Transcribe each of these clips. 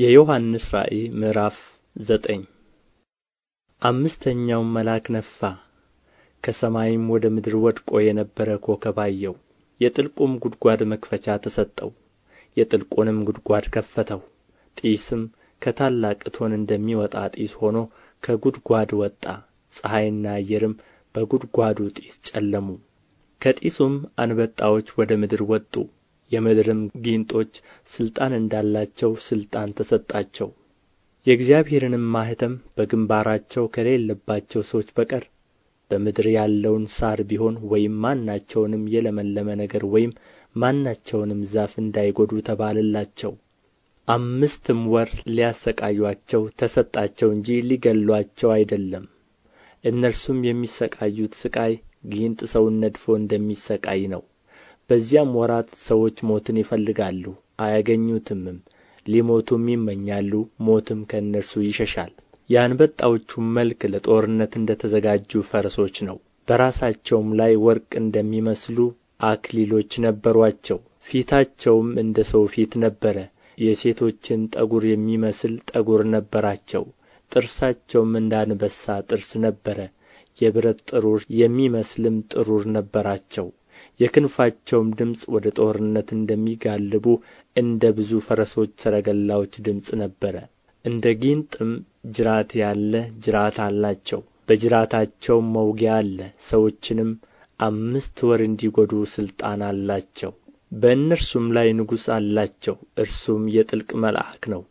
የዮሐንስ ራእይ ምዕራፍ ዘጠኝ አምስተኛውም መልአክ ነፋ ከሰማይም ወደ ምድር ወድቆ የነበረ ኮከብ አየው የጥልቁም ጉድጓድ መክፈቻ ተሰጠው፣ የጥልቁንም ጉድጓድ ከፈተው። ጢስም ከታላቅ እቶን እንደሚወጣ ጢስ ሆኖ ከጉድጓድ ወጣ። ፀሐይና አየርም በጉድጓዱ ጢስ ጨለሙ። ከጢሱም አንበጣዎች ወደ ምድር ወጡ፣ የምድርም ጊንጦች ሥልጣን እንዳላቸው ሥልጣን ተሰጣቸው የእግዚአብሔርንም ማኅተም በግንባራቸው ከሌለባቸው ሰዎች በቀር በምድር ያለውን ሣር ቢሆን ወይም ማናቸውንም የለመለመ ነገር ወይም ማናቸውንም ዛፍ እንዳይጐዱ ተባለላቸው። አምስትም ወር ሊያሠቃዩአቸው ተሰጣቸው እንጂ ሊገሏቸው አይደለም። እነርሱም የሚሠቃዩት ሥቃይ ጊንጥ ሰውን ነድፎ እንደሚሠቃይ ነው። በዚያም ወራት ሰዎች ሞትን ይፈልጋሉ አያገኙትምም ሊሞቱም ይመኛሉ ሞትም ከእነርሱ ይሸሻል የአንበጣዎቹም መልክ ለጦርነት እንደ ተዘጋጁ ፈረሶች ነው በራሳቸውም ላይ ወርቅ እንደሚመስሉ አክሊሎች ነበሯቸው ፊታቸውም እንደ ሰው ፊት ነበረ የሴቶችን ጠጉር የሚመስል ጠጉር ነበራቸው ጥርሳቸውም እንደ አንበሳ ጥርስ ነበረ የብረት ጥሩር የሚመስልም ጥሩር ነበራቸው የክንፋቸውም ድምፅ ወደ ጦርነት እንደሚጋልቡ እንደ ብዙ ፈረሶች ሰረገላዎች ድምፅ ነበረ እንደ ጊንጥም ጅራት ያለ ጅራት አላቸው በጅራታቸውም መውጊያ አለ ሰዎችንም አምስት ወር እንዲጐዱ ሥልጣን አላቸው በእነርሱም ላይ ንጉሥ አላቸው እርሱም የጥልቅ መልአክ ነው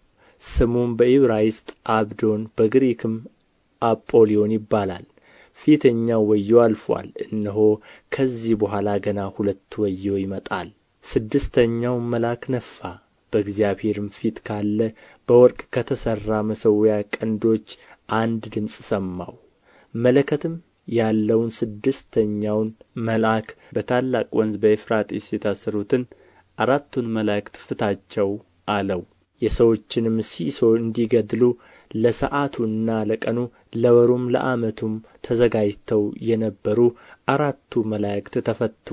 ስሙም በኢብራይስጥ አብዶን በግሪክም አጶሊዮን ይባላል ፊተኛው ወዮ አልፎአል እነሆ ከዚህ በኋላ ገና ሁለት ወዮ ይመጣል ስድስተኛውም መልአክ ነፋ በእግዚአብሔርም ፊት ካለ በወርቅ ከተሠራ መሠዊያ ቀንዶች አንድ ድምፅ ሰማው! መለከትም ያለውን ስድስተኛውን መልአክ በታላቅ ወንዝ በኤፍራጢስ የታሰሩትን አራቱን መላእክት ፍታቸው አለው የሰዎችንም ሲሶ እንዲገድሉ ለሰዓቱና ለቀኑ ለወሩም ለዓመቱም ተዘጋጅተው የነበሩ አራቱ መላእክት ተፈቱ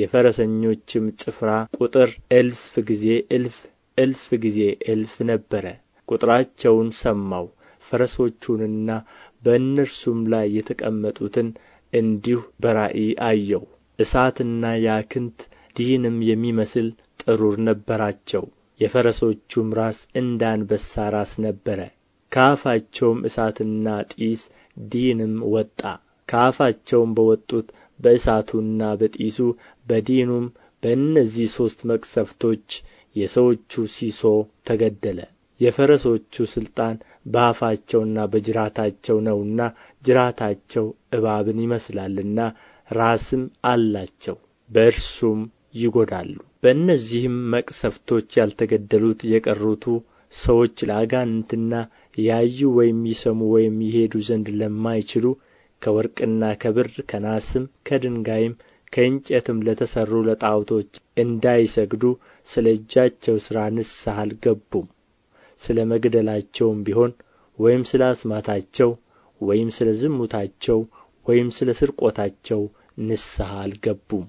የፈረሰኞችም ጭፍራ ቍጥር እልፍ ጊዜ እልፍ እልፍ ጊዜ እልፍ ነበረ ቍጥራቸውን ሰማው ፈረሶቹንና በእነርሱም ላይ የተቀመጡትን እንዲሁ በራእይ አየው እሳትና ያክንት ዲንም የሚመስል ጥሩር ነበራቸው የፈረሶቹም ራስ እንደ አንበሳ ራስ ነበረ ከአፋቸውም እሳትና ጢስ ዲንም ወጣ ከአፋቸውም በወጡት በእሳቱና በጢሱ በዲኑም በእነዚህ ሦስት መቅሰፍቶች የሰዎቹ ሲሶ ተገደለ የፈረሶቹ ሥልጣን በአፋቸውና በጅራታቸው ነውና ጅራታቸው እባብን ይመስላልና ራስም አላቸው በእርሱም ይጐዳሉ በእነዚህም መቅሰፍቶች ያልተገደሉት የቀሩቱ ሰዎች ለአጋንንትና ያዩ ወይም ይሰሙ ወይም ይሄዱ ዘንድ ለማይችሉ ከወርቅና ከብር ከናስም ከድንጋይም ከእንጨትም ለተሠሩ ለጣዖቶች እንዳይሰግዱ ስለ እጃቸው ሥራ ንስሐ አልገቡም ስለ መግደላቸውም ቢሆን ወይም ስለ አስማታቸው ወይም ስለ ዝሙታቸው ወይም ስለ ስርቆታቸው ንስሐ አልገቡም